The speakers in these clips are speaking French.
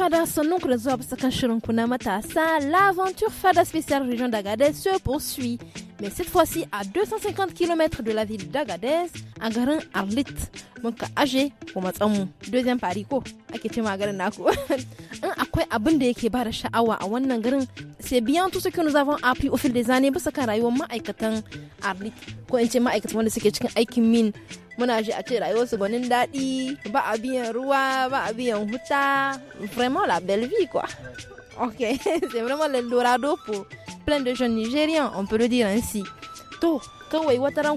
Fada son oncle Sakashurun Kuna Matasa, l'aventure Fada spéciale région d'Agadez se poursuit mais cette fois-ci à 250 km de la ville d'Agadez, un garin Arlit. Donc âgé ko un deuxième pari ko ake ce garin Un In akwai abin da yake bada sha'awa a wannan garin c'est bien tout ce que nous avons appris au fil des années Parce bisa kan ma ma'aikatan Arlit Quand ko in ce ma'aikatan wanda suke cikin aikin min muna ji a ce rayuwarsu gwanin Il ba a roi, ruwa ba a biyan huta vraiment la belle vie quoi. Ok, c'est vraiment l'Eldorado pour plein de jeunes Nigériens, on peut le dire ainsi. To, quand wataran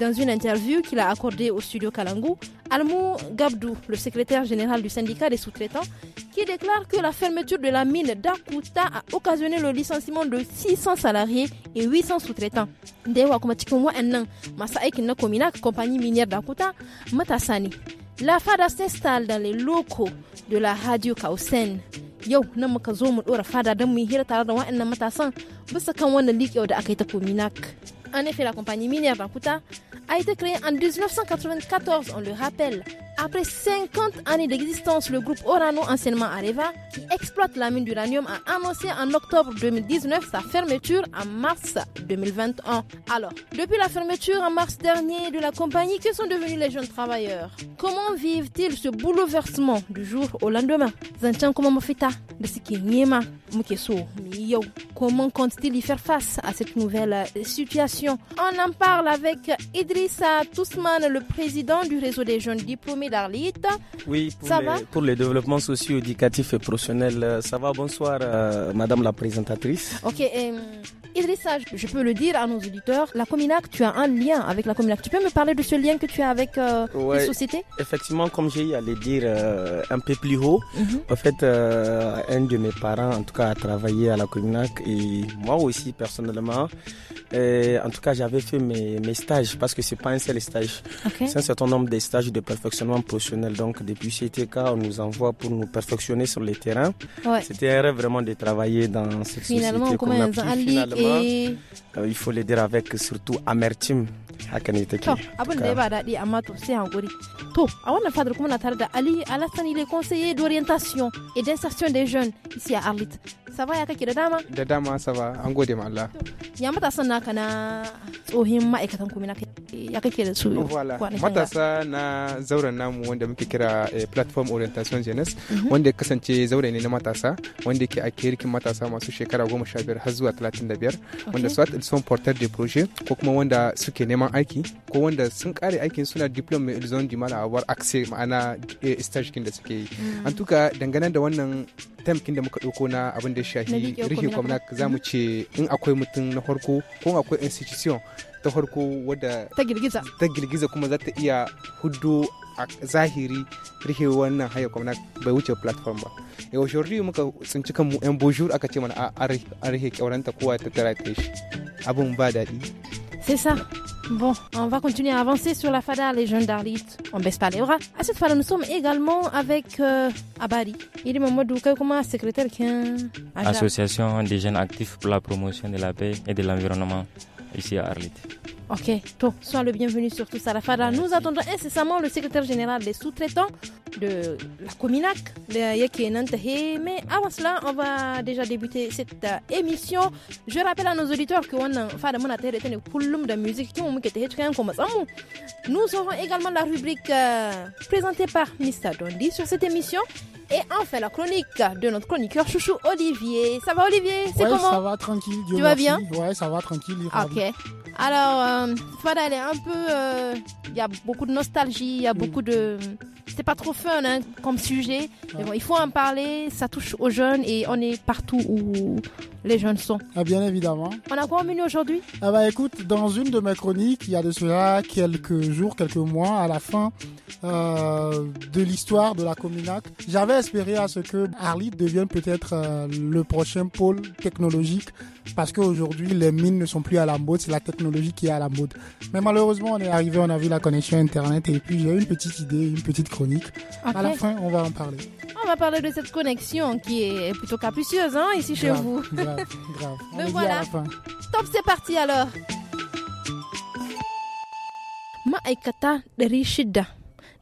dans une interview qu'il a accordée au studio Kalangu, Almu Gabdou, le secrétaire général du syndicat des sous-traitants, qui déclare que la fermeture de la mine d'Akuta a occasionné le licenciement de 600 salariés et 800 sous-traitants. Dewa compagnie minière d'Akuta, La FADA s'installe dans les locaux de la radio Kausen yau nan muka zo mu dora fada don mu yi hira tare da waɗannan matasan bisa kan wannan liƙewa da aka yi ta Cominac. En effet, la compagnie minière Bakuta a été créée en 1994, on le rappelle, après 50 années d'existence, le groupe Orano anciennement Areva, qui exploite la mine d'uranium, a annoncé en octobre 2019 sa fermeture en mars 2021. Alors, depuis la fermeture en mars dernier de la compagnie, que sont devenus les jeunes travailleurs Comment vivent-ils ce bouleversement du jour au lendemain Comment comptent-ils y faire face à cette nouvelle euh, situation On en parle avec Idrissa Tousman, le président du réseau des jeunes diplômés d'arlite Oui, pour, ça les, pour développements socio-éducatifs et professionnels, euh, ça va. Bonsoir, euh, Madame la présentatrice. Ok, et, euh, Idrissa, je peux le dire à nos auditeurs, la Cominac, tu as un lien avec la Cominac. Tu peux me parler de ce lien que tu as avec la euh, société les Effectivement, comme j'ai eu dire euh, un peu plus haut, en mhm. fait, euh, un de mes parents, en tout cas, a travaillé à la Cominac et moi aussi, personnellement, en tout cas, j'avais fait mes, stages parce que ce n'est pas un seul stage. C'est un certain nombre de stages de perfectionnement professionnel. Donc, depuis CTK, on nous envoie pour nous perfectionner sur les terrains. C'était un rêve vraiment de travailler dans cette Finalement, société. Finalement, marche. Euh, il faut le dire avec surtout amertume. hakan ne take abin da ya ba dadi amma to sai hankuri to a wannan fadar kuma na tare da Ali Alassani le conseiller d'orientation et d'insertion des jeunes ici à Arlit saba ya kake da dama da dama saba an gode ma Allah ya matasan naka na tsohin ma'aikatan kuma naka ya kake da su matasa na zauren namu wanda muke kira eh, platform orientation jeunesse mhm. wanda ya kasance zaure ne na matasa wanda yake a kirkin matasa masu shekara 15 har zuwa 35 bayar wanda su ati son porteurs de projet ko kuma wanda suke neman aiki ko wanda sun kare aikin suna diploma mai zon di mal à avoir ma'ana stage kin da suke yi hmm. an tuka dangane da wannan tamkin da muka ɗauko na abin da shahi rihe kwamna za mu ce in akwai mutum na farko ko akwai institution ta farko wadda ta girgiza kuma za ta iya hudu a zahiri rike wannan haya gwamna bai wuce platform ba e aujourd'hui muka sun tsinci mu yan bonjour aka ce mana a rike kyauranta kowa ta tara ta shi abun ba daɗi C'est ça. Bon, on va continuer à avancer sur la fada, les jeunes d'Arlit. On baisse pas les bras. À cette fois, nous sommes également avec euh, Abari. Il est Mamadou Kakouma, secrétaire qui Association des jeunes actifs pour la promotion de la paix et de l'environnement ici à Arlit. Ok, Toi. sois le bienvenu sur tout FADA Nous attendons incessamment le secrétaire général des sous-traitants de la Cominac, Mais avant cela, on va déjà débuter cette euh, émission. Je rappelle à nos auditeurs que nous aurons également la rubrique euh, présentée par Mr. Dondi sur cette émission. Et enfin, la chronique de notre chroniqueur chouchou Olivier. Ça va, Olivier C'est comment Ça va, tranquille. tu vas bien Ouais, ça va, tranquille. Ah, ok. Alors, il euh, un peu. Euh, il y a beaucoup de nostalgie, il y a beaucoup de. C'était pas trop fun hein, comme sujet. Mais bon, il faut en parler, ça touche aux jeunes et on est partout où les jeunes sont. Ah, bien évidemment. On a quoi au menu aujourd'hui Ah, bah écoute, dans une de mes chroniques, il y a de cela quelques jours, quelques mois, à la fin euh, de l'histoire de la Cominac, j'avais espéré à ce que Harley devienne peut-être euh, le prochain pôle technologique parce qu'aujourd'hui, les mines ne sont plus à la mode, c'est la technologie qui est à la mode. Mais malheureusement, on est arrivé, on a vu la connexion Internet et puis j'ai eu une petite idée, une petite chronique. À la fin, on va en parler. On va parler de cette connexion qui est plutôt capricieuse hein, ici chez vous. Grave, Mais voilà. Top, c'est parti alors. Ma Maekata Rishida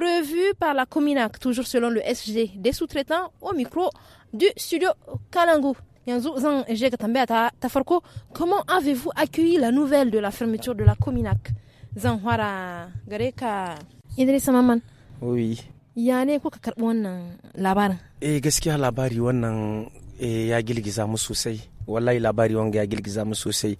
prévue par la Cominac, toujours selon le SG, des sous-traitants au micro du studio Kalangu. Comment avez-vous accueilli la nouvelle de la fermeture de la Cominac Idrissa Maman. Oui. Ya ne kuka karɓi wannan labarin? Eh gaskiya labari wannan eh, ya girgiza mu sosai. wallahi labari wanga ya girgiza mu sosai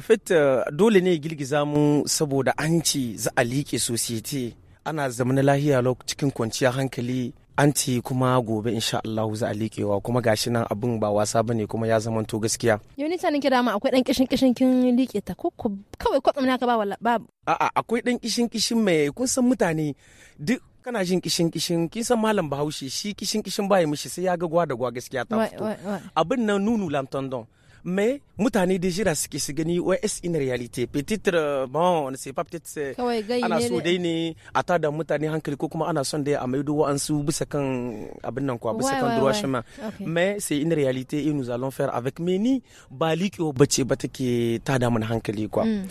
fait, euh, dole ne girgiza mu saboda an ce za a liƙe society ana zamana lahiya cikin kwanciyar hankali an ci kuma gobe insha Allah za a liƙewa kuma gashi nan abin ba wasa bane kuma ya zama to gaskiya. yoni ni tanin kira ma akwai dan kishin kishin kin liƙe ta ko kawai kwatsam naka ba wala ba. A'a akwai dan kishin kishin mai kun san mutane duk kana jin kishin kishin kin san malam Bahaushe shi kishin kishin baya mishi sai ya ga gwa da gwa gaskiya ta fito. Abin nan nunu lamtondon. mais mutane da jira suke su gani wai est in reality peut-être euh, bon on sait pas peut-être ana so dai ne a tada mutane hankali ko kuma ana son dai a maido wa'ansu bisa kan abin nan kuwa bisa kan droit chemin mais c'est une réalité et nous allons faire avec mais ni ba liƙewa bace ba take da mun hankali kuwa hmm.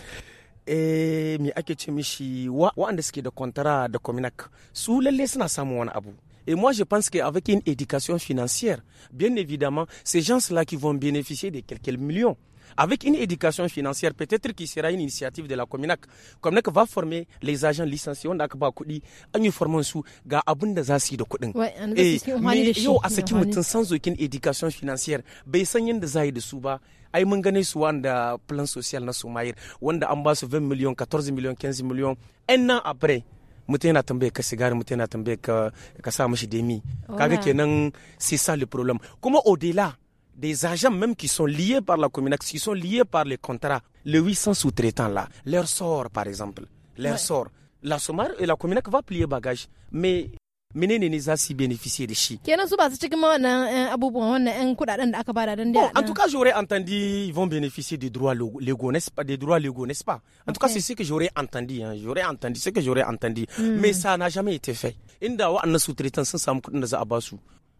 eh mi ake ce mishi wa'anda suke da kwantara da kominak su lalle suna samun wani abu Et moi, je pense qu'avec une éducation financière, bien évidemment, ces gens-là qui vont bénéficier de quelques millions, avec une éducation financière, peut-être qu'il sera une initiative de la Cominac. Cominac va former les agents licenciés, on a ba kuɗi, an yi su ga abunda da za su yi da kuɗin. Eh, yo a saki mutum sans aucune éducation financière, bai ben, san yadda za yi da su ba. ai mun wanda plan social na Sumayir, wanda an 20 millions, 14 millions, 15 millions. un an après mutum yana tambaye ka sigari mutum yana tambaye ka ka sa mashi demi kaga kenan c'est ça le problème Comment au-delà des agents même qui sont liés par la communication qui sont liés par les contrats les 800 sous-traitants là leur sort par exemple leur sort la SOMAR et la communauté va plier bagage. Mais menene ne za su beneficier da shi kenan su ba su cikin wannan eh, abubuwan wannan yan eh, kudaden da aka bada dan da oh, en tout cas j'aurais entendu ils vont bénéficier des droits légaux n'est-ce pas des droits légaux n'est-ce pas en tout cas c'est ce que j'aurais entendu hein j'aurais entendu ce que j'aurais entendu hmm. mais ça n'a jamais été fait inda wa'annan sous-traitants sun samu kudin da za a ba su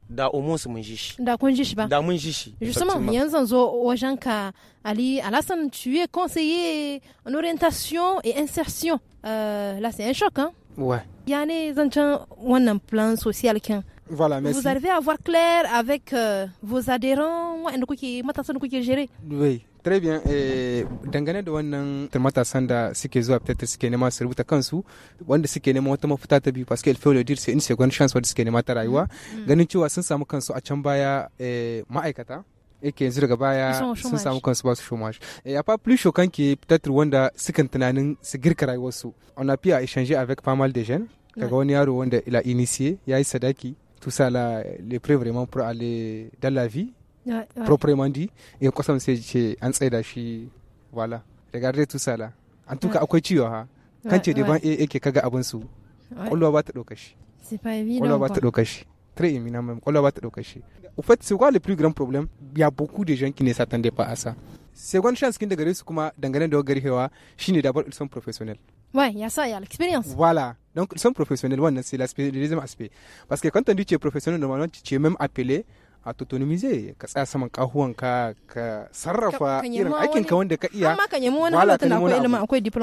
da omonsu mun ji shi da kun ji shi ba da mun ji shi justement yanzu zo wajen ka Ali Alassane tu es conseiller en orientation et insertion euh, là c'est un choc hein Ouais. Ya ne zancen wannan plan social kin. Voilà, merci. Vous arrivez à voir clair avec euh, vos adhérents waɗanda kuke matasan da kuke gérer? Oui. Très bien. Eh, dangane da wannan matasan da suke zuwa peut-être suke nema su rubuta kansu wanda suke nema wata mafita ta biyu parce qu'il faut le dire c'est une seconde chance wanda suke nema ta rayuwa mm. ganin cewa sun samu kansu a can baya eh, ma'aikata et que yanzu daga baya sun samu kansu ba su chômage et eh, a pas plus choquant que peut-être wanda sukan tunanin su girka rayuwarsu on a pu a échanger avec pas mal de jeunes kaga wani yaro wanda il a initié yayi sadaki tout ça là les prêts vraiment pour aller dans la vie ouais, ouais. proprement dit et kwasan sai ce an tsaida shi voilà regardez tout ça là en tout cas akwai ciwo ha kan ce daban yake kaga abin su kullu ba ta ɗauka shi kwallo ba ta dokashi très tare imina mai kwallo ba ta dokashi en fait, c'est quoi le plus grand problème Il y a beaucoup de gens qui ne s'attendaient pas à ça. C'est une chance kin daga su kuma dangane da garhewa d'abord ils sont professionnels. Ouais, il y a ça, il y a l'expérience. Voilà. Donc ils sont professionnels, c'est l'aspect le deuxième aspect. Parce que quand on dit que tu es professionnel normalement tu es même appelé à t'autonomiser. ka tsaya saman à ka sarrafa irin aikin ka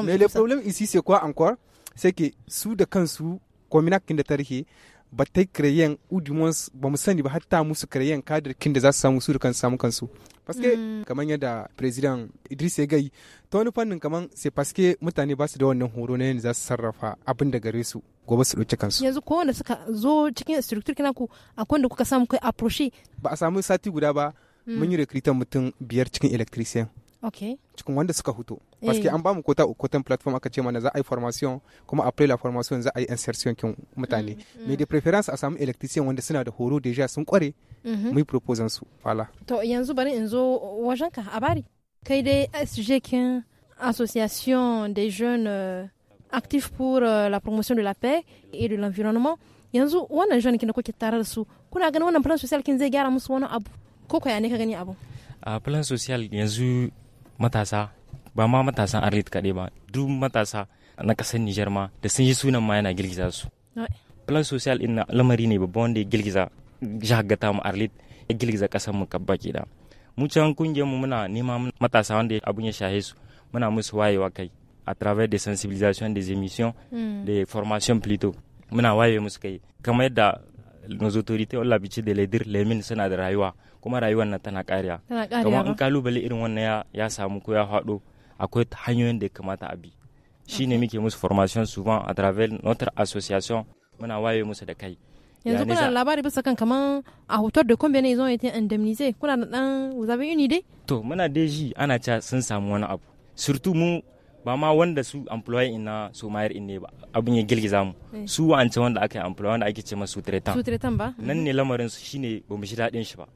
Mais le problème ici c'est quoi encore? C'est que sous su da kansu kominak kin da tarihi ba ta yi ou udumon ba mu sani ba hatta musu kreyen kadir kin da za su samu su kan samu kansu parce mm. kamar yadda president Idris ya gai ta wani fannin kamar sai paske mutane ba su da wannan horo na yadda za su sarrafa abin da gare su gobe su ɗauki kansu yanzu ko wanda suka zo cikin structure kina ku akwai da kuka samu kai approche ba a samu sati guda ba mm. mun yi rekritan mutum biyar cikin electrician okay. cikin wanda suka hutu paske an eh. bamu kota kotan platform aka ce mana za a formation kuma après la formation za a insertion kin mutane mm, mm. mais de préférence a samu electrician wanda suna da horo deja sun kware mu proposan su fala to yanzu bari in zo wajenka a bari kai dai SG kin association des jeunes euh, actifs pour euh, la promotion de la paix et de l'environnement yanzu wannan jeune kin da kuke tare da su kuna ganin wannan plan social kin zai gyara musu wani abu ko ya ne ka gani abu a ah, plan social yanzu matasa ba ma matasan arlit kaɗai ba duk matasa na ƙasar nijar ma da sun yi sunan ma yana girgiza su plan social in na lamari ne babban wanda ya girgiza jihar mu arlit ya girgiza ƙasar mu kabba da mu can kungiyar mu muna nema matasa wanda abun ya shahe su muna musu wayewa kai a travers de sensibilisations des émissions de hmm. des formations plutôt muna waye musu kai kamar yadda nos autorités ont l'habitude de les dire les mines suna da rayuwa kuma rayuwar nan tana ƙariya kuma in kalubale irin wannan ya samu ko ya haɗo akwai hanyoyin da ya kamata a bi shine muke musu formation souvent a travers notre association muna waye musu da kai yanzu kuna da labari bisa kan kamar a hotar da kwambe ne zo ya indemnize kuna da dan vous avez une idée to muna deji ana cewa sun samu wani abu surtout mu ba ma wanda su in na sumayar in ne ba abin ya girgiza mu eh. su ce wanda aka yi employee wanda ake ce masu tretan su tretan ba nan ne lamarin su shine ba mu shi daɗin shi ba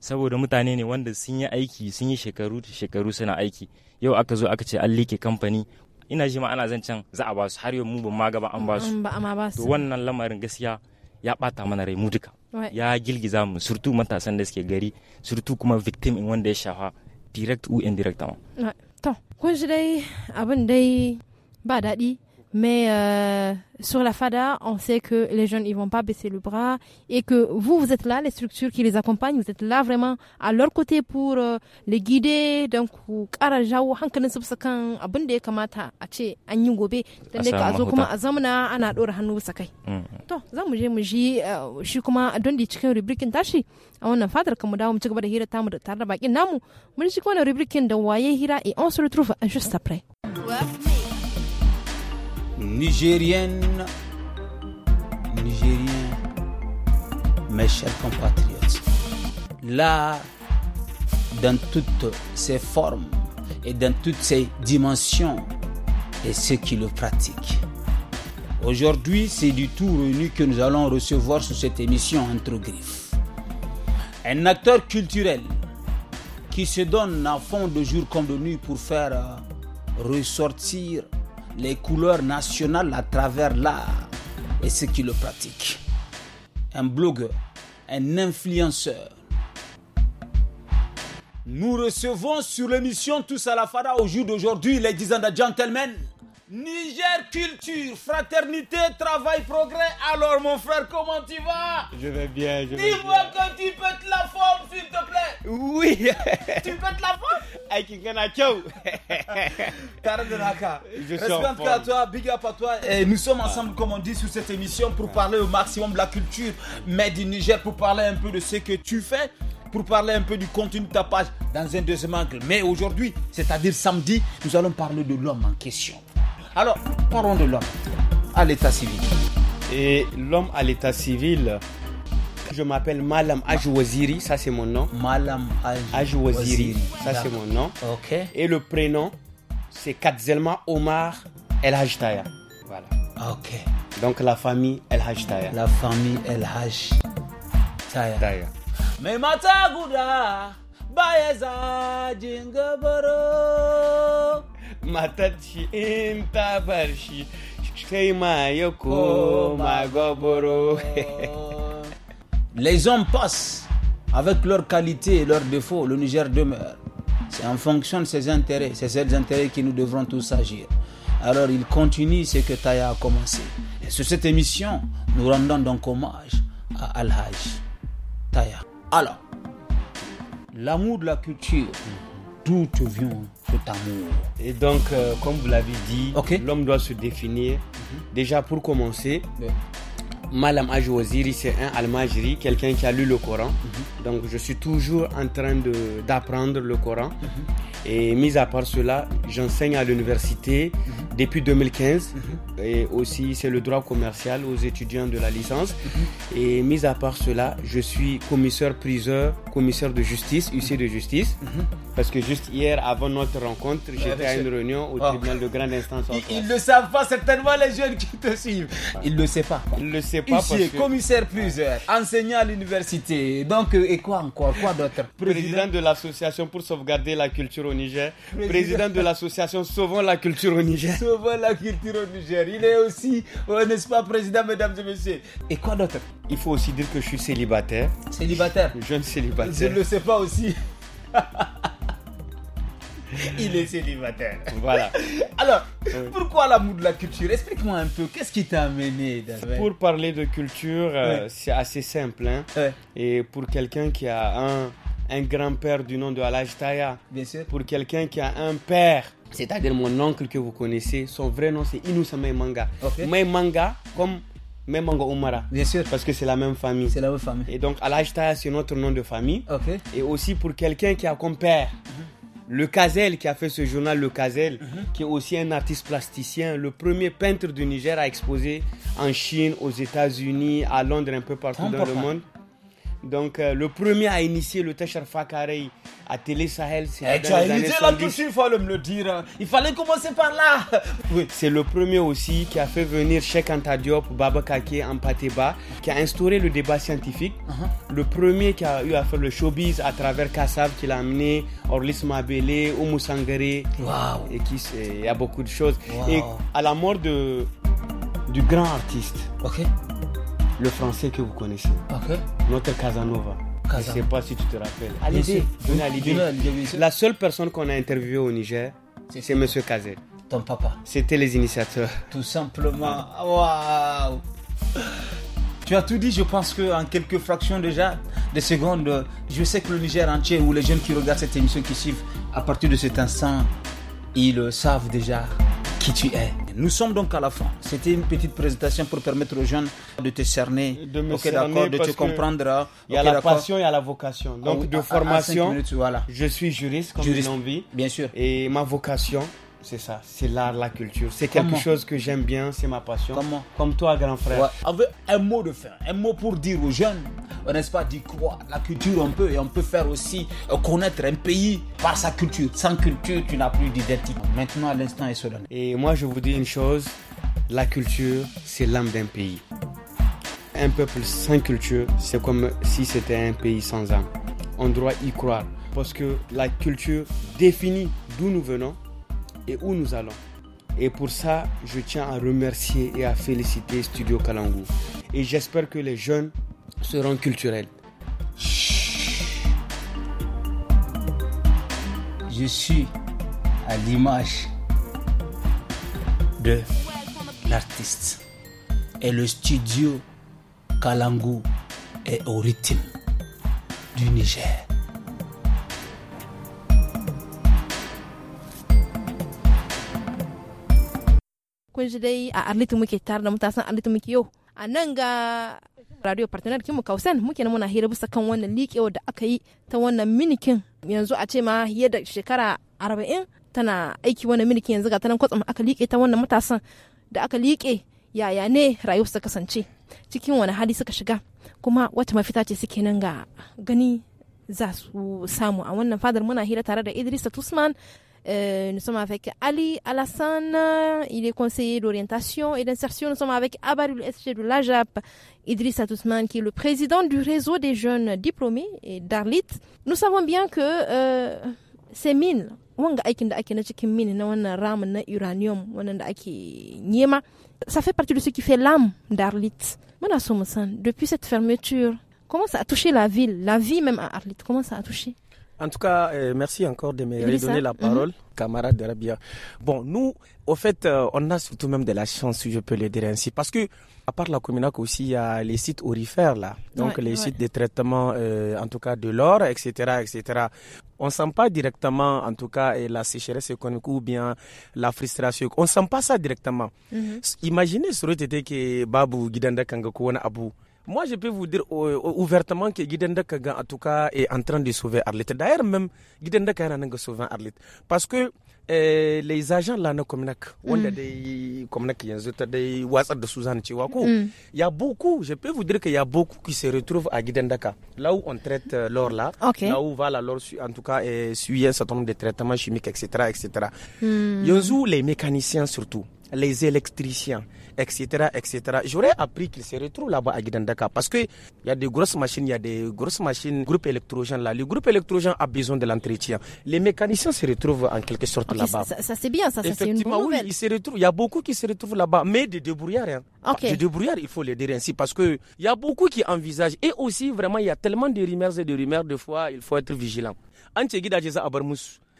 saboda mutane ne wanda sun yi aiki sun yi shekaru shekaru suna aiki yau aka zo aka ce an like kamfani ina ji ma ana zancen za a ba su har yau mu ban ma gaba an mm, ba su to wannan lamarin gaskiya ya bata mana rai mu duka ya girgiza mu surtu matasan da suke gari surtu kuma victim in wanda ya shafa direct u indirect ma to kun shi dai abin dai ba daɗi Mais euh, sur la FADA, on sait que les jeunes, ils vont pas baisser le bras et que vous, vous êtes là, les structures qui les accompagnent, vous êtes là vraiment à leur côté pour euh, les guider. Donc, ƙara jawo hankalin su bisa abin da ya kamata a ce an gobe. Dan ka zo kuma a ana ɗora hannu bisa mm. To, za mu ji eh, shi kuma don da rubrikin tashi a wannan fadar kan mu dawo mu ci gaba da hira tamu da tare bakin namu. Mun shi kuma rubrikin da waye hira et on se retrouve juste après nigérienne, nigérien, mes chers compatriotes, l'art dans toutes ses formes et dans toutes ses dimensions et ce qui le pratique. Aujourd'hui, c'est du tout réuni que nous allons recevoir sur cette émission Entre Griffes. Un acteur culturel qui se donne à fond de jour comme de nuit pour faire ressortir les couleurs nationales à travers l'art et ceux qui le pratiquent. Un blogueur, un influenceur. Nous recevons sur l'émission Tous à la Fada au jour d'aujourd'hui, les 10 ans de gentlemen, Niger Culture, Fraternité, Travail, Progrès. Alors, mon frère, comment tu vas Je vais bien, je vais bien. Dis-moi quand tu pètes la forme, s'il te plaît. Oui. tu pètes la forme Aïe, Kikana Naka. Je suis en forme. à toi, big up à toi. Et nous sommes ensemble, comme on dit, sur cette émission pour parler au maximum de la culture, mais du Niger, pour parler un peu de ce que tu fais pour parler un peu du contenu de ta page dans un deuxième angle. Mais aujourd'hui, c'est-à-dire samedi, nous allons parler de l'homme en question. Alors, parlons de l'homme à l'état civil. Et l'homme à l'état civil, je m'appelle Malam Ajouaziri, ça c'est mon nom. Malam Ajouaziri, ça c'est mon nom. Ok. Et le prénom, c'est Katzelma Omar El Hajtaya. Voilà. Ok. Donc la famille El Hajtaya. La famille El Hajtaya. Mais mata les hommes passent avec leurs qualités et leurs défauts le Niger demeure c'est en fonction de ses intérêts c'est ces intérêts que nous devrons tous agir alors il continue ce que Taya a commencé et sur cette émission nous rendons donc hommage à Al-Hajj Taya alors l'amour de la culture. tout te vient cet amour Et donc, euh, comme vous l'avez dit, l'homme doit se définir. Mhm. Déjà, pour commencer, Malam Aj c'est un almagiri, quelqu'un qui a lu le Coran. Mhm. Donc je suis toujours en train d'apprendre le Coran. Mhm. Et mis à part cela, j'enseigne à l'université mhm. depuis 2015. Et aussi, c'est le droit commercial aux étudiants de la licence. Et mis à part cela, je suis commissaire-priseur, commissaire de justice, huissier de justice. Parce que juste hier, avant notre rencontre, ah, j'étais à une réunion au ah. tribunal de grande instance. Ils ne le savent pas, certainement, les jeunes qui te suivent. Ah. Ils ne le savent pas. Ils le savent Monsieur pas commissaire plusieurs, enseignant à l'université. Donc, euh, et quoi encore Quoi d'autre président... de l'association pour sauvegarder la culture au Niger. Président, de l'association Sauvons la culture au Niger. Sauvons la culture au Niger. Il est aussi, euh, n'est-ce pas, président, mesdames et messieurs. Et quoi d'autre Il faut aussi dire que je suis célibataire. Célibataire Jeune célibataire. Je ne le sais pas aussi. Il est célibataire. Voilà. Alors, pourquoi l'amour de la culture Explique-moi un peu, qu'est-ce qui t'a amené David Pour parler de culture, euh, c'est assez simple. Hein? Et pour quelqu'un qui a un, un grand-père du nom de al Taya, Bien sûr. pour quelqu'un qui a un père, c'est-à-dire mon oncle que vous connaissez, son vrai nom c'est Inusame Manga. Okay. Manga comme même Umara. Bien sûr. Parce que c'est la même famille. C'est la même famille. Et donc, Alajtaya, c'est notre nom de famille. Ok. Et aussi pour quelqu'un qui a comme père. Mhm. Le Cazel qui a fait ce journal, Le Cazel, mhm. qui est aussi un artiste plasticien, le premier peintre du Niger à exposer en Chine, aux États-Unis, à Londres, un peu partout dans le monde. Donc, euh, le premier à initier le Tachar Fakarei à Télé Sahel, c'est eh, Tu as là il fallait me le dire. Hein. Il fallait commencer par là. Oui, c'est le premier aussi qui a fait venir Cheikh Anta Diop, Baba Kake, Ampateba, qui a instauré le débat scientifique. Uh-huh. Le premier qui a eu à faire le showbiz à travers Kassav, qui l'a amené, Orlis Mabele, Oumou Sangare. Wow. Et qui, il y a beaucoup de choses. Et à la mort de, du grand artiste. Ok le français que vous connaissez. Notre Casanova. Je ne sais pas si tu te rappelles. L'idée, La seule personne qu'on a interviewée au Niger, c'est monsieur Kazet. Ton papa. C'était les initiateurs. Tout simplement. Waouh tu as tout dit, je pense qu'en quelques fractions déjà Des secondes, je sais que le Niger entier ou les jeunes qui regardent cette émission qui suivent, à partir de cet instant, ils savent déjà qui tu es. Nous sommes donc à la fin. C'était une petite présentation pour permettre aux jeunes de te cerner, de, de te comprendre. Il y a la passion, et la vocation. Ah donc, de formation, je suis juriste, comme j'ai envie. Bien sûr. Et ma vocation, c'est ça, c'est l'art, la culture. C'est quelque chose que j'aime bien, c'est ma passion. Comment Comme toi, grand frère. un mot de fin, un mot pour dire aux jeunes, n'est-ce pas, d'y croire. La culture, on peut, et on peut faire aussi euh, connaître un pays par sa culture. Sans culture, tu n'as plus d'identité. Maintenant, l'instant est solennel. Et moi, je vous dis une chose, la culture, c'est l'âme d'un pays. Un peuple sans culture, c'est comme si c'était un pays sans âme. On doit y croire, parce que la culture définit d'où nous venons et où nous allons. Et pour ça, je tiens à remercier et à féliciter Studio Kalangu. Et j'espère que les jeunes seront culturels. Je suis à l'image de l'artiste. Et le studio Kalangu est au rythme du Niger. kun ji dai a arlitu muke tare da matasan arlitu muke yau a nan ga radio partner kimu kausen muke na muna hira bisa kan wannan liƙe da aka yi ta wannan minikin yanzu a ce ma fiye shekara arba'in tana aiki wannan minikin yanzu ga ta nan kwatsam aka liƙe ta wannan matasan da aka liƙe yaya ne rayuwar su kasance cikin wani hali suka shiga kuma wata mafita ce suke nan ga gani za su samu a wannan fadar muna hira tare da idris tusman Euh, nous sommes avec Ali Alassane, il est conseiller d'orientation et d'insertion. Nous sommes avec Abarul SG de l'AJAP, Idriss Atousman, qui est le président du réseau des jeunes diplômés et d'Arlit. Nous savons bien que euh, ces mines, ça fait partie de ce qui fait l'âme d'Arlit. Depuis cette fermeture, comment ça a touché la ville, la vie même à Arlit, comment ça a touché en tout cas, euh, merci encore de me redonner la mhm. parole, camarade de camarade d'Arabia. Bon, nous, au fait, euh, on a surtout même de la chance, si je peux le dire ainsi, parce que à part la Cominac aussi, il y a les sites orifères là, donc les sites de traitement, euh, en tout cas de l'or, etc., etc. On sent pas directement, en tout cas, la sécheresse économique ou bien la frustration. On sent pas ça directement. Mhm. Imaginez, -hmm. Imaginez sur le que Babou Guidanda Kangakou Abou. Moi, je peux vous dire euh, euh, ouvertement que Guidenda Kagan, en tout cas, est en train de sauver Arlette. D'ailleurs, même en train de sauver Arlette. Parce que euh, les agents là, il y a beaucoup, je peux vous dire qu'il y a beaucoup qui se retrouvent à Guidendaka, là où on traite l'or là, là où va l'or, en tout cas, euh, suit un certain nombre de traitements chimiques, etc. etc. Yanzu, les mécaniciens surtout, les électriciens, etc., etc. J'aurais appris qu'ils se retrouvent là-bas à Guidandaka parce qu'il y a des grosses machines, il y a des grosses machines, groupe électrogène là. Le groupe électrogène a besoin de l'entretien. Les mécaniciens se retrouvent en quelque sorte là-bas. Ça, c'est bien, ça, c'est une bonne Oui, se Il y a beaucoup qui se retrouvent là-bas, mais des débrouillards. Hein. Ah, des débrouillards, il faut les dire ainsi parce qu'il y a beaucoup qui envisagent. Et aussi, vraiment, il y a tellement de rumeurs et de rumeurs, de fois, il faut être vigilant.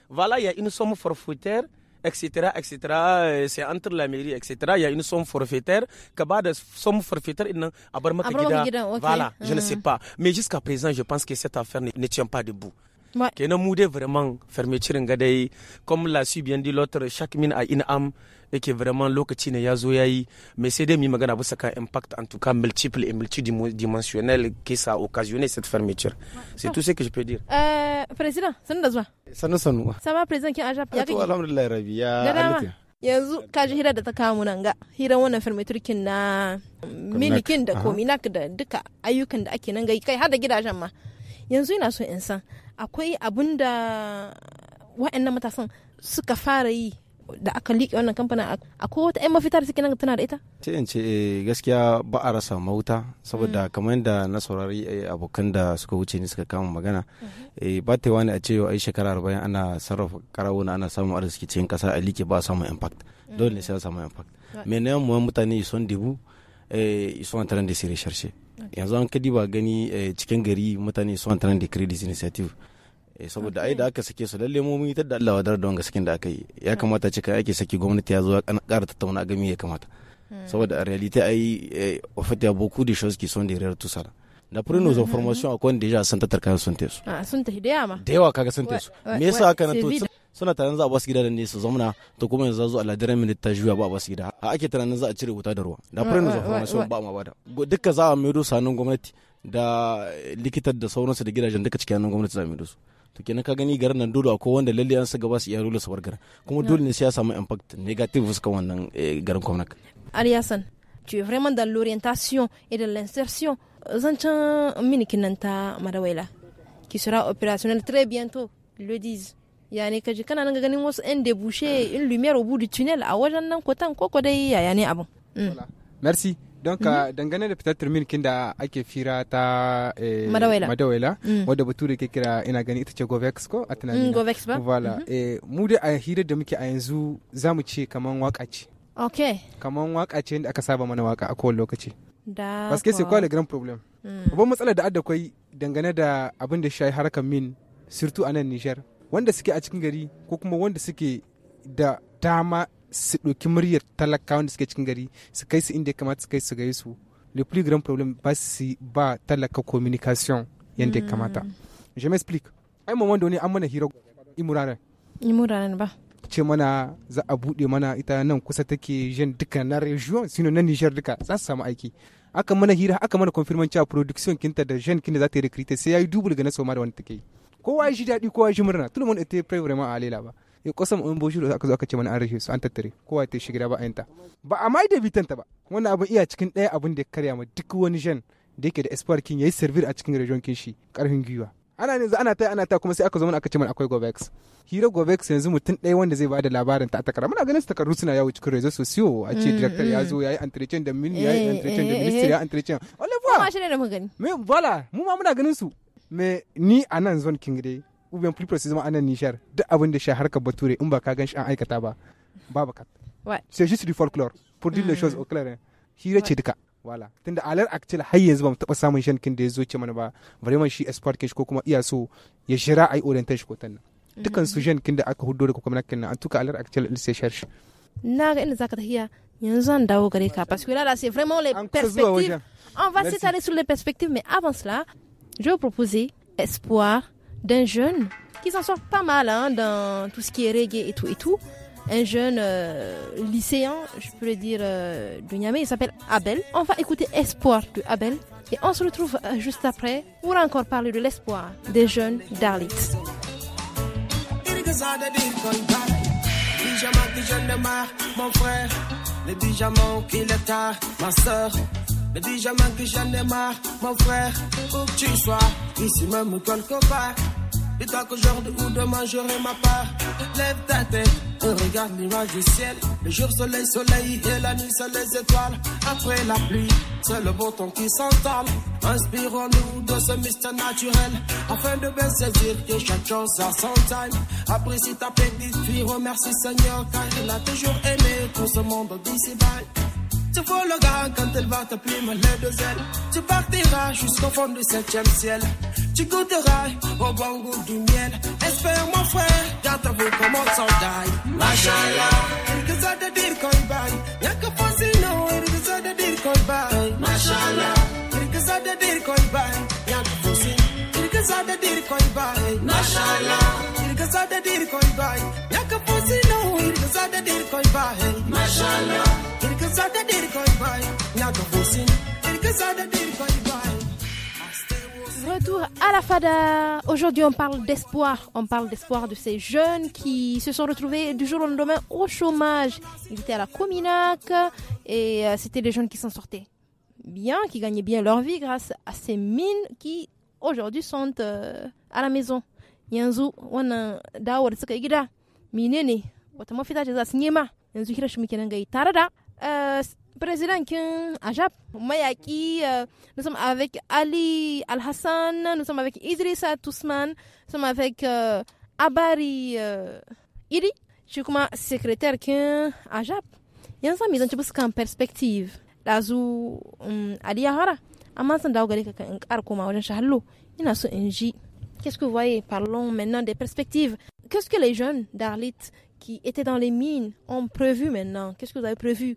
Voilà, il y a une somme forfaitaire etc., etc., euh, c'est entre la mairie, etc. Il y a une somme forfaitaire. de somme forfaitaire, ah, Voilà, je ne ah. sais pas. Mais jusqu'à présent, je pense que cette affaire ne, tient pas debout. Ouais. nous Moudé, vraiment, fermeture, comme l'a su bien dit l'autre, chaque mine a une âme. yake vraiment lokaci ne ya zo ya yi mai sai dai mu magana bisa kan impact en tout cas multiple et multidimensionnel qui ça a occasionné cette fermeture c'est tout ce que je peux dire euh, président sanu da zuwa sanu sanu ça va président kin aja ah, ya to alhamdulillah rabi ya yanzu ka ji hira da ta kawo nan ga hira wannan kin na milikin da kominak da duka ayyukan da ake nan ga kai har da gidajen ma yanzu ina so in san akwai abun da wa'annan matasan suka fara yi da aka liƙe wannan kamfanin akwai wata 'yan mafita da suke nan tana da ita? ce in ce eh, gaskiya ba a rasa mauta saboda mm. kamar yadda na saurari eh, abokan da suka wuce ni suka kama magana mm-hmm. eh, ba ta wani a ce ai shekara arba'in ana sarrafa karawuna ana samun arziki cikin kasa a liƙe ba a samun impact mm. dole ne sai a samu impact me na yamma mutane son dibu son taron da sai recherche yanzu an kadi ba gani cikin gari mutane son taron da credit initiative Eh, saboda ai da aka sake su lalle mu mun yi da Allah wadar da wanga sakin da aka yi ya hmm. kamata cika ake saki gwamnati ya zo ya ƙara tattauna gami ya kamata hmm. saboda a realite ai en eh, ya boku de choses qui sont derrière tout ça pure nos informations hmm. a wanda déjà sun tattar kan sun te su ah, sun ta da ma. da yawa kaga sun te su me yasa aka na to suna tare za a basu gida da ne su zamana to kuma yanzu zuwa ladiran minit ta juya ba a basu gida a ake tana za a cire wuta da ruwa pure nos informations ba ma bada duka za a maido sanin gwamnati da likitar da sauransu da gidajen duka cikin gwamnati za a maido su to kenan ka gani garin nan dole akwai wanda lalle an sa gaba su iya rula sabar garin kuma dole ne sai ya samu impact negative fuskan wannan eh, garin kwamnak Aliyasan tu es vraiment dans l'orientation et de l'insertion zancen mini kinanta madawaila qui sera opérationnel très bientôt le 10 yani kaji kana nan ganin wasu yan debouché in lumière au bout du tunnel a wajen nan kotan ko dai yayane abun hmm. merci don ka dangane da fitar turminkin da ake fira ta eh, madawaila mm. wadda bature ke kira ina gani ita ce govex ko a tunanin mm, govex ba mm-hmm. eh, mu da a hirar da muke a yanzu za mu ce kamar waka ce kamar waka ce da aka saba mana waka a kowane lokaci baske paske c'est quoi le grand problème mm. babban matsalar da adda kwai dangane da abin da shayi harkar min surtout a nan Niger wanda suke a cikin gari ko kuma wanda suke da dama su ɗauki muryar talakawan da suke cikin gari su kai su inda ya kamata su kai su gai su le plus grand problème ba su ba talaka communication yadda ya mm. kamata je m'explique ai mamman da wani an mana hira imuraren imuraren ba ce mana za a buɗe mana ita nan kusa take jen duka na region sino na Niger duka za su samu aiki aka mana hira aka mana confirmation cewa production kinta da jen kinta za ta yi recruiter sai yayi double ga na soma da wanda take kowa ya ji daɗi kowa ya ji murna tun mun monde était prêt vraiment à aller ba. ya kusan in boshi da aka zo aka ce mana an rufe su an tattare kowa ta shiga gida ba ayanta ba a mai da bitanta ba wannan abin iya cikin ɗaya abin da ya karya ma duk wani jan da yake da espoir king yayi servir a cikin region kin shi karfin gwiwa ana ne ana ta ana ta kuma sai aka zo mana aka ce mana akwai gobex hira gobex yanzu mutum ɗaya wanda zai bada labarin ta takara muna ganin takardu suna yawo cikin rezo siyo a ce mm-hmm. director ya zo yayi entertain da min yayi entertain eh, da eh, minister eh. ya entertain wallahi ba ma shi ne da mu gani me bala mu ma muna ganin su me ni anan zone king dai bien plus précisément en Niger duk abin da shahar à bature in ba ka gan shi an aikata ba babu ka c'est juste du folklore pour dire les mm. choses au clair hira ce duka wala tunda a lar actuel har yanzu samun shan da ya zo mana ba vraiment shi export kin shi ko kuma iya so ya shira mm. a yi orientation shi ko tannan dukkan su shan kin da aka hudo daga kuma kin nan an tuka a lar il se cherche Naga ga inda zaka tafiya dawo gare ka parce que là, là c'est vraiment les perspectives on va s'étaler sur les perspectives mais avant cela je vais vous proposer espoir d'un jeune qui s'en sort pas mal hein, dans tout ce qui est reggae et tout et tout. Un jeune euh, lycéen, je pourrais dire, euh, de Niamey, il s'appelle Abel. On va écouter Espoir de Abel et on se retrouve euh, juste après pour encore parler de l'espoir des jeunes d'Arlit. Ne dis jamais que j'en ai marre, mon frère, où que tu sois, ici même quelque part. Et toi qu'aujourd'hui ou demain j'aurai ma part. Lève ta tête et regarde l'image du ciel. Le jour, soleil, soleil et la nuit, c'est les étoiles. Après la pluie, c'est le beau temps qui s'entend. Inspirons-nous de ce mystère naturel afin de bien saisir que chaque chose a son time. Apprécie ta petite fille, remercie Seigneur car il a toujours aimé tout ce monde d'ici-bas. Tu vois le gars quand elle va t'appeler mal les deux ailes. Tu partiras jusqu'au fond du septième ciel. Tu goûteras au bon goût du miel. Espère mon frère, garde ta vue comme on s'en taille. Machallah, il que ça de dire qu'on baille. Y'a que facile, non, il que ça de dire qu'on baille. Machallah, il que ça de dire qu'on baille. Y'a que facile, il que ça de dire qu'on baille. Machallah, il que ça de dire qu'on baille. Y'a que facile, non, il que ça de dire qu'on baille. Machallah. Retour à la FADA. Aujourd'hui, on parle d'espoir. On parle d'espoir de ces jeunes qui se sont retrouvés du jour au lendemain au chômage. Ils étaient à la Cominac et euh, c'était des jeunes qui s'en sortaient bien, qui gagnaient bien leur vie grâce à ces mines qui aujourd'hui sont euh, à la maison. Yanzu, Présidentin euh, Ajab, Mayaki, euh, nous sommes avec Ali Al-Hassan, nous sommes avec Idrissa Tousman, nous sommes avec euh, Abari Iri, je suis comme secrétaire qu'un Ajab. y a un mise en perspective. Hum, Ali Ahara, Qu'est-ce que vous voyez Parlons maintenant des perspectives. Qu'est-ce que les jeunes d'Arlit qui étaient dans les mines ont prévu maintenant Qu'est-ce que vous avez prévu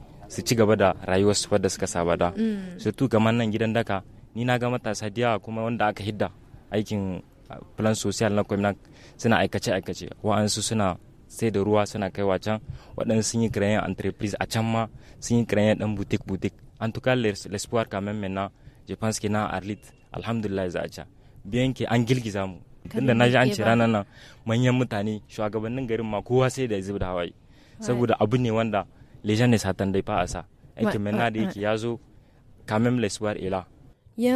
su ci gaba da rayuwarsu wadda suka saba da mm. surtu kamar nan gidan daka ni na ga matasa diya kuma wanda aka hidda aikin ah, plan social na kwamina suna aikace aikace wa'ansu suna sai da ruwa suna wa can waɗansu sun yi kirayen entreprise a can ma sun yi kirayen ɗan butik butik an tuka l'espoir kamen même na je na arlit alhamdulillah za a ca biyan ke an girgiza mu tunda na ji an ce ranar nan manyan mutane shugabannin garin ma kowa sai da zuba da saboda abu ne wanda les gens ne s'attendaient pas à ça. Et que maintenant, ouais, a quand même l'espoir est là. il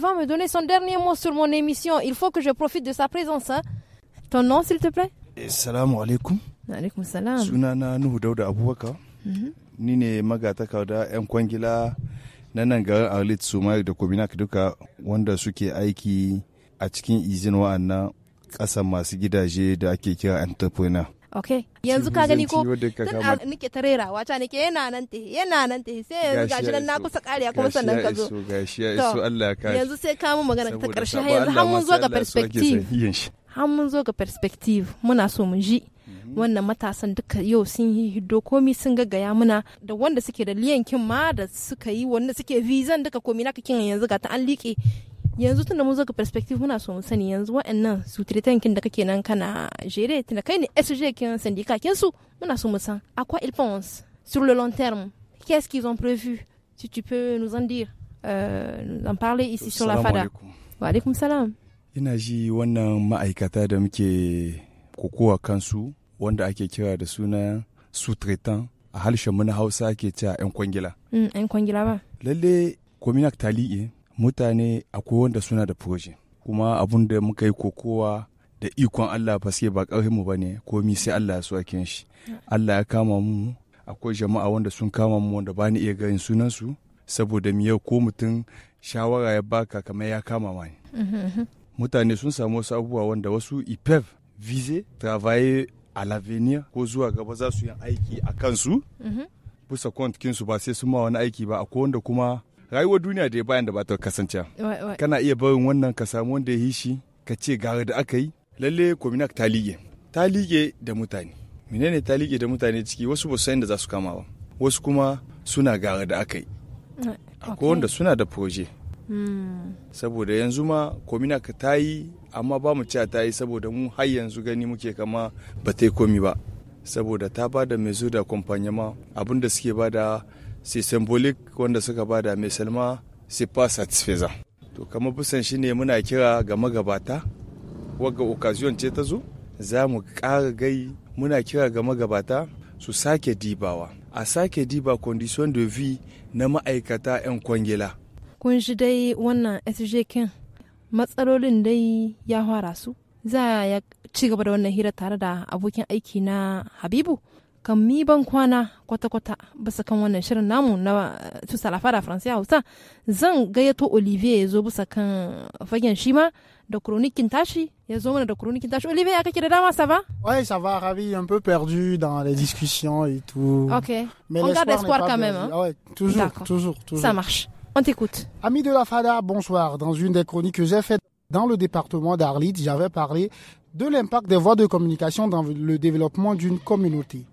va me donner son dernier mot sur mon émission. Il faut que je profite de sa présence. Hein. Ton nom, s'il te plaît eh, Salam alaikum. Alaikum salam. Sunana de Abubakar. Ni ne alaikum. kwangila na Arlit wanda suke aiki a cikin kasan masu gidaje da ake kira entrepreneur ok yanzu ka gani ko tun nike ta rerawa ta nike yana nan te yana nan te sai yanzu gashi nan na kusa kariya kuma sannan ka zo gashi ya iso Allah ka yanzu sai ka mu magana ta karshe yanzu har mun zo ga perspective har mun zo ga perspective muna so mu ji mhm. wannan matasan duka yau sun yi hiddo komi sun gaggaya muna da wanda suke da liyankin ma da suka yi wanda suke vizan duka komi na kin yanzu ga ta an liƙe yanzu tun mun zo ga perspective muna so mu sani yanzu wa'annan su kin da kake nan kana jere da kai ne SG kin syndicat kin su muna so mu san a quoi ils pensent sur le long terme qu'est-ce qu'ils ont prévu si tu peux nous en dire euh, en parler ici sur la fada wa alaikum salam ina ji wannan ma'aikata da muke kokowa kansu wanda ake kira da suna su traitant a harshen mu Hausa ake cewa 'yan kwangila. Mm, 'yan kwangila ba. Lalle Kominak Tali'i mutane akwai wanda suna da proje kuma abun da muka yi kokowa da ikon Allah ba sai ba ƙarfinmu ba ne komi sai Allah ya so ake shi Allah ya kama mu akwai jama'a wanda sun kama mu wanda bani iya ganin sunansu saboda mu yau ko mutum shawara ya baka kamar ya kama ma ne mutane sun samu wasu abubuwa wanda wasu ipef vize travaye a l'avenir ko zuwa gaba za su yi aiki a kansu bisa kwantkinsu ba sai sun ma wani aiki ba akwai wanda kuma rayuwar duniya da ya bayan da ba ta kasance kana iya barin wannan ka samu wanda ya yi shi ka ce gara da aka yi lalle kominak ta lige ta lige da mutane menene ta lige da mutane ciki wasu ba su san da za su kama ba wasu kuma suna gara da aka yi akwai wanda suna da proje hmm. saboda yanzu ma kominak ta yi amma ba mu cewa ta yi saboda mu har yanzu gani muke kama ba ta yi komi ba saboda ta ba da mai da kwamfanyama abinda suke ba da si symbolic wanda suka bada mai salma si pas satisfaisant to kamar bisan shi ne muna kira ga magabata wagga occasion ce ta zo za mu ƙara gai muna kira ga magabata su sake dibawa a sake diba condition de vie na ma'aikata 'yan kwangila kun shi dai wannan sgk matsalolin dai ya fara su za ya ci gaba da wannan hira tare da abokin aiki na habibu kan mi ban kwana kwata-kwata bisa kan wannan shirin namu na tusa uh, lafada faransa hausa zan gayyato olivier ya zo bisa kan fagen shi ma da kronikin tashi ya zo mana da kronikin tashi olivier ya kake da dama ça va ouais ça va ravi un peu perdu dans les discussions et tout ok mais on garde espoir quand même hein? Ah ouais, toujours toujours toujours ça marche on t'écoute Ami de la fada bonsoir dans une des chroniques que j'ai faites dans le département d'Arlit, j'avais parlé de l'impact des voies de communication dans le développement d'une communauté.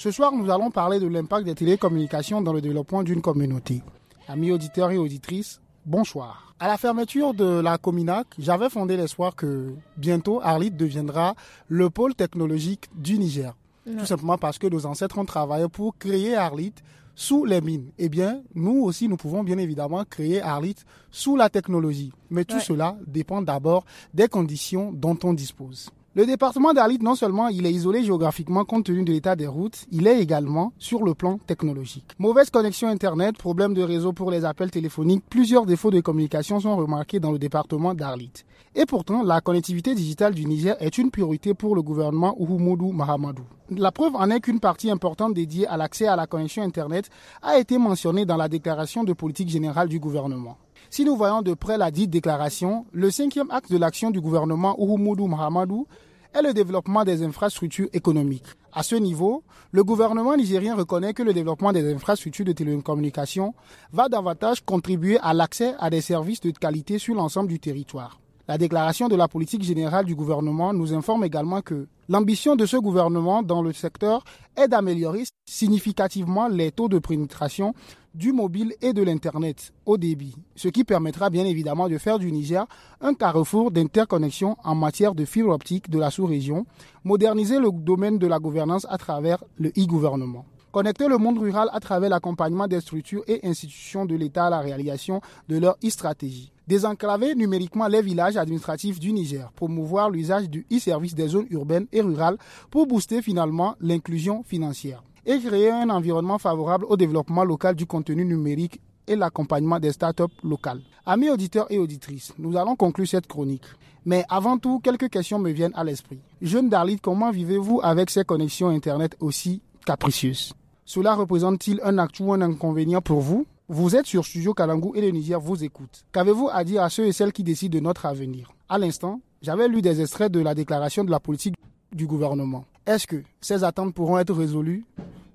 Ce soir, nous allons parler de l'impact des télécommunications dans le développement d'une communauté. Amis auditeurs et auditrices, bonsoir. À la fermeture de la Cominac, j'avais fondé l'espoir que bientôt Arlit deviendra le pôle technologique du Niger. Tout simplement parce que nos ancêtres ont travaillé pour créer Arlit sous les mines. Eh bien, nous aussi, nous pouvons bien évidemment créer Arlit sous la technologie. Mais tout cela dépend d'abord des conditions dont on dispose. Le département d'Arlit, non seulement il est isolé géographiquement compte tenu de l'état des routes, il est également sur le plan technologique. Mauvaise connexion Internet, problème de réseau pour les appels téléphoniques, plusieurs défauts de communication sont remarqués dans le département d'Arlit. Et pourtant, la connectivité digitale du Niger est une priorité pour le gouvernement Uhumudu Mahamadou. La preuve en est qu'une partie importante dédiée à l'accès à la connexion Internet a été mentionnée dans la déclaration de politique générale du gouvernement. Si nous voyons de près la dite déclaration, le cinquième acte de l'action du gouvernement Uhumudu Mahamadou est le développement des infrastructures économiques. À ce niveau, le gouvernement nigérien reconnaît que le développement des infrastructures de télécommunications va davantage contribuer à l'accès à des services de qualité sur l'ensemble du territoire. La déclaration de la politique générale du gouvernement nous informe également que l'ambition de ce gouvernement dans le secteur est d'améliorer significativement les taux de pénétration du mobile et de l'Internet au débit, ce qui permettra bien évidemment de faire du Niger un carrefour d'interconnexion en matière de fibre optique de la sous-région, moderniser le domaine de la gouvernance à travers le e-gouvernement. Connecter le monde rural à travers l'accompagnement des structures et institutions de l'État à la réalisation de leur e-stratégie. Désenclaver numériquement les villages administratifs du Niger, promouvoir l'usage du e-service des zones urbaines et rurales pour booster finalement l'inclusion financière et créer un environnement favorable au développement local du contenu numérique et l'accompagnement des startups locales. Amis auditeurs et auditrices, nous allons conclure cette chronique. Mais avant tout, quelques questions me viennent à l'esprit. Jeune Dalit, comment vivez-vous avec ces connexions Internet aussi capricieuse. Cela représente-t-il un acte ou un inconvénient pour vous Vous êtes sur Studio Kalangu et le Niger vous écoute. Qu'avez-vous à dire à ceux et celles qui décident de notre avenir À l'instant, j'avais lu des extraits de la déclaration de la politique du gouvernement. Est-ce que ces attentes pourront être résolues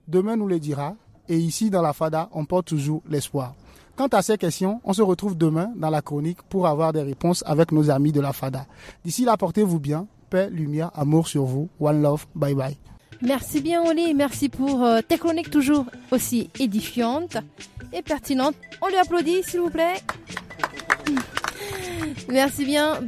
Demain nous les dira. Et ici, dans la FADA, on porte toujours l'espoir. Quant à ces questions, on se retrouve demain dans la chronique pour avoir des réponses avec nos amis de la FADA. D'ici là, portez-vous bien. Paix, lumière, amour sur vous. One love. Bye bye. Merci bien Oli, merci pour euh, tes chroniques toujours aussi édifiantes et pertinentes. On lui applaudit s'il vous plaît. merci bien.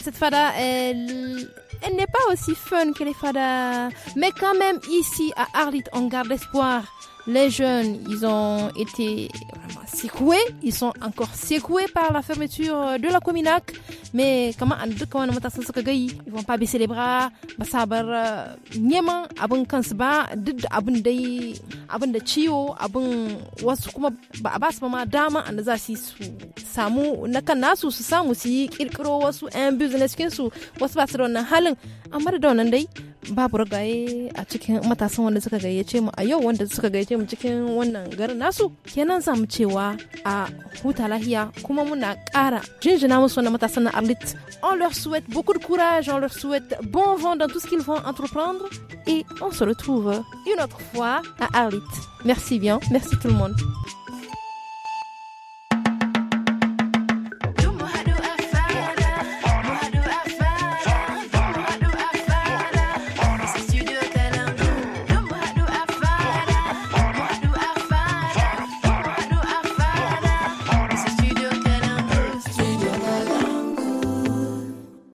Cette fada, elle, elle n'est pas aussi fun que les fadas. Mais quand même ici à Arlit, on garde espoir. Les jeunes, ils ont été vraiment secoués. Ils sont encore secoués par la fermeture de la Cominac. me kamar an duka wani matasan suka gai ivan fabi celebra ba sa bar eh, neman abin kansu ba duk da abin dai abin da ciwo abin wasu kuma ba a ba su ma dama an za su samu na kan nasu su samu su yi kirkiro wasu 'yan business kinsu wasu ba su da wannan halin amma da wannan dai babur gaye a cikin matasan wanda suka gayyace mu a yau wanda suka gayyace mu cikin wannan garin nasu kenan zamu cewa a huta lahiya kuma muna ƙara jinjina musu wannan matasan na arlit on leur souhaite beaucoup de courage on leur souhaite bon vent dans tout ce qu'ils vont entreprendre et on se retrouve une autre fois à arlit merci bien merci tout le monde